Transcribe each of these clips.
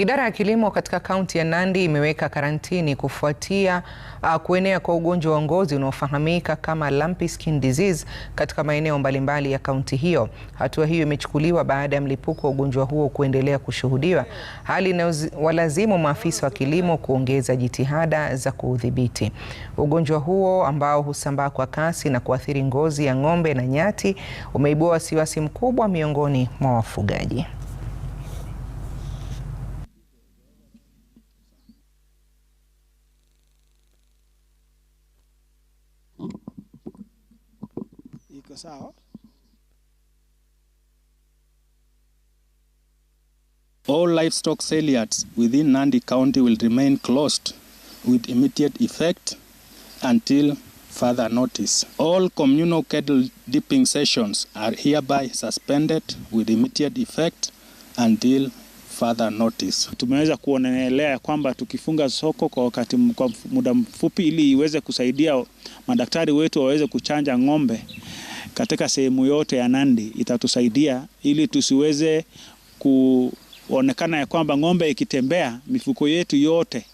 Idara ya kilimo katika kaunti ya Nandi imeweka karantini kufuatia uh, kuenea kwa ugonjwa wa ngozi unaofahamika kama lumpy skin disease katika maeneo mbalimbali ya kaunti hiyo. Hatua hiyo imechukuliwa baada ya mlipuko wa ugonjwa huo kuendelea kushuhudiwa, hali inayowalazimu maafisa wa kilimo kuongeza jitihada za kuudhibiti. Ugonjwa huo ambao husambaa kwa kasi na kuathiri ngozi ya ng'ombe na nyati umeibua wasiwasi mkubwa miongoni mwa wafugaji. iko sawa. All livestock sales within Nandi County will remain closed with immediate effect until further notice. All communal cattle dipping sessions are hereby suspended with immediate effect until further notice. Tumeweza kuonelea kwamba tukifunga soko kwa wakati kwa muda mfupi ili iweze kusaidia madaktari wetu waweze kuchanja ng'ombe katika sehemu yote ya Nandi itatusaidia ili tusiweze kuonekana ya kwamba ng'ombe ikitembea mifuko yetu yote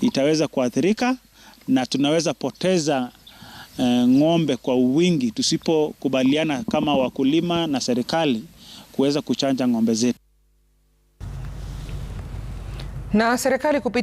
itaweza kuathirika na tunaweza poteza e, ng'ombe kwa wingi tusipokubaliana kama wakulima na serikali kuweza kuchanja ng'ombe zetu na serikali